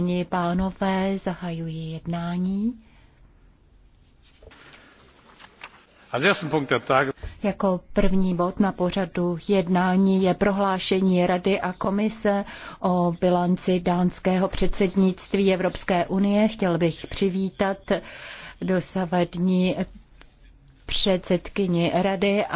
Dámy pánové, zahajují jednání. Jako první bod na pořadu jednání je prohlášení Rady a Komise o bilanci dánského předsednictví Evropské unie. Chtěl bych přivítat dosavadní předsedkyni Rady a